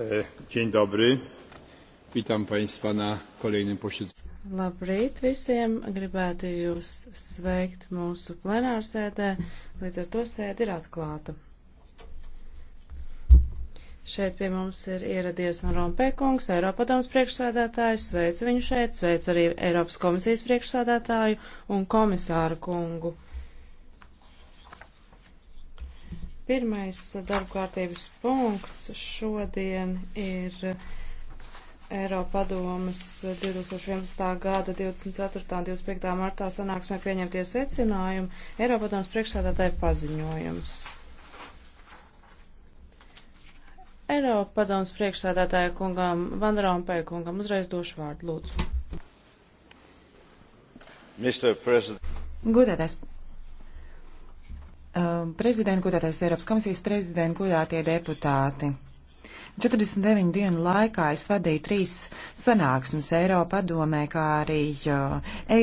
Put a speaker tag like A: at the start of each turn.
A: E, dzień dobry. Witam Państwa na kolejnym posiedzeniu.
B: Labrīt visiem! Gribētu jūs sveikt mūsu plenārsēdē, līdz ar to sēde ir atklāta. Šeit pie mums ir ieradies Van Rompēkungs, Eiropadoms priekšsādātājs, sveicu viņu šeit, sveicu arī Eiropas komisijas priekšsādātāju un komisāru kungu. Pirmais darbkārtības punkts šodien ir Eiropadomas 2011. gada 24. un 25. martā sanāksmē pieņemtie secinājumi Eiropadomas priekšsādātāja paziņojums. Eiropadomas priekšsādātāja kungam Van Rompēja kungam uzreiz došu vārdu,
C: lūdzu.
B: Godētais
D: Um, prezidenta, godātais Eiropas komisijas prezidenta, godātie deputāti. 49 dienu laikā es vadīju trīs sanāksmes Eiropa padomē, kā arī uh,